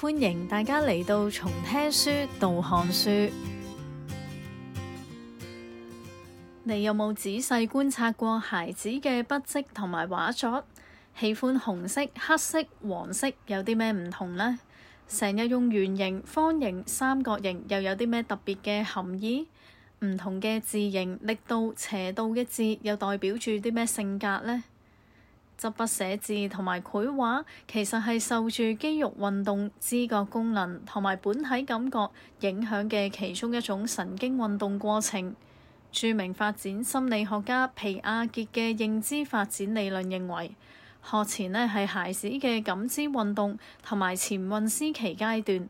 歡迎大家嚟到從聽書到看書。你有冇仔細觀察過孩子嘅筆跡同埋畫作？喜歡紅色、黑色、黃色，有啲咩唔同呢？成日用圓形、方形、三角形，又有啲咩特別嘅含義？唔同嘅字形、力度、斜度嘅字，又代表住啲咩性格呢？執筆寫字同埋繪畫，其實係受住肌肉運動知覺功能同埋本體感覺影響嘅其中一種神經運動過程。著名發展心理學家皮亞傑嘅認知發展理論認為，學前咧係孩子嘅感知運動同埋前運思期階，階段，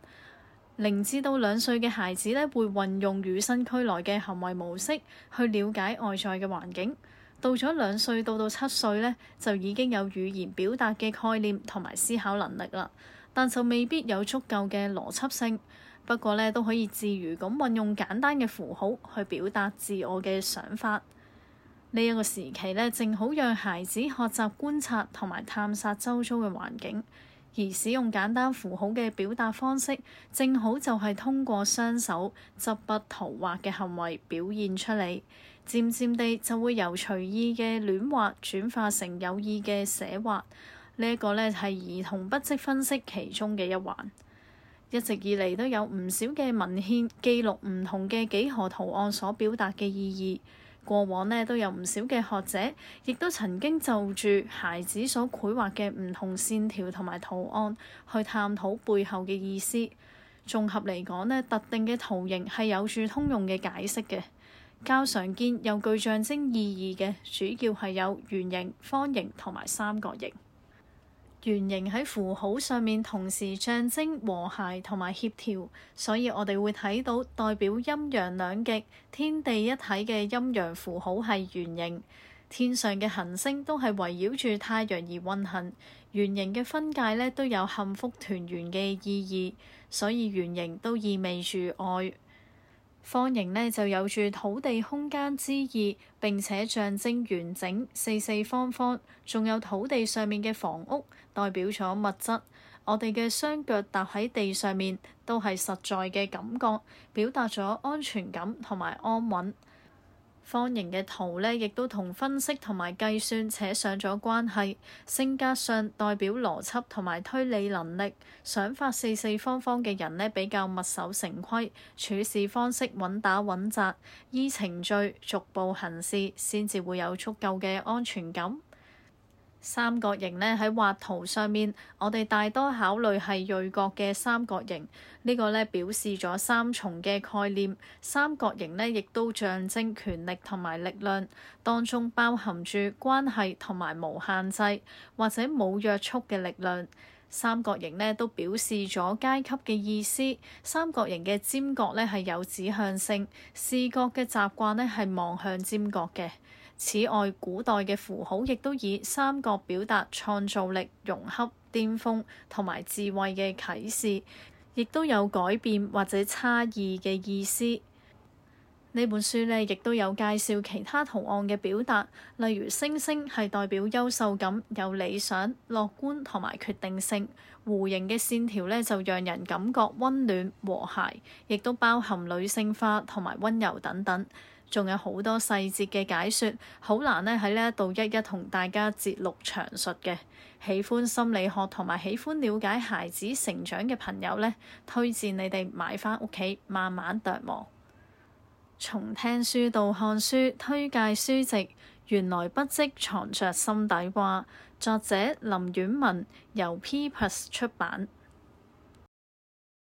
零至到兩歲嘅孩子咧，會運用與生俱來嘅行為模式去了解外在嘅環境。到咗兩歲到到七歲咧，就已經有語言表達嘅概念同埋思考能力啦，但就未必有足夠嘅邏輯性。不過咧，都可以自如咁運用簡單嘅符號去表達自我嘅想法。呢、這、一個時期咧，正好讓孩子學習觀察同埋探索周遭嘅環境。而使用簡單符號嘅表達方式，正好就係通過雙手執筆塗畫嘅行為表現出嚟。漸漸地就會由隨意嘅亂畫轉化成有意嘅寫畫。呢一個呢，係兒童筆跡分析其中嘅一環。一直以嚟都有唔少嘅文獻記錄唔同嘅幾何圖案所表達嘅意義。過往呢都有唔少嘅學者，亦都曾經就住孩子所繪畫嘅唔同線條同埋圖案去探討背後嘅意思。綜合嚟講呢，特定嘅圖形係有住通用嘅解釋嘅。較常見又具象徵意義嘅，主要係有圓形、方形同埋三角形。圓形喺符號上面同時象徵和諧同埋協調，所以我哋會睇到代表陰陽兩極、天地一體嘅陰陽符號係圓形。天上嘅行星都係圍繞住太陽而運行，圓形嘅分界呢都有幸福團圓嘅意義，所以圓形都意味住愛。方形呢就有住土地空間之意，並且象徵完整、四四方方，仲有土地上面嘅房屋，代表咗物質。我哋嘅雙腳踏喺地上面，都係實在嘅感覺，表達咗安全感同埋安穩。方形嘅圖呢，亦都同分析同埋計算扯上咗關係。性格上代表邏輯同埋推理能力，想法四四方方嘅人呢，比較墨守成規，處事方式穩打穩紮，依程序逐步行事，先至會有足夠嘅安全感。三角形呢喺畫圖上面，我哋大多考慮係鋭角嘅三角形。呢、呢個呢表示咗三重嘅概念。三角形呢亦都象徵權力同埋力量，當中包含住關係同埋無限制或者冇約束嘅力量。三角形呢都表示咗階級嘅意思。三角形嘅尖角呢係有指向性，視覺嘅習慣呢係望向尖角嘅。此外，古代嘅符號亦都以三角表達創造力、融合、巔峰同埋智慧嘅啟示，亦都有改變或者差異嘅意思。呢本書呢亦都有介紹其他圖案嘅表達，例如星星係代表優秀感、有理想、樂觀同埋決定性；弧形嘅線條呢就讓人感覺溫暖、和諧，亦都包含女性化同埋溫柔等等。仲有好多細節嘅解説，好難咧喺呢一度一一同大家節錄詳述嘅。喜歡心理學同埋喜歡了解孩子成長嘅朋友咧，推薦你哋買返屋企慢慢琢磨。從聽書到看書，推介書籍原來筆跡藏着心底話，作者林婉文，由 PPlus 出版。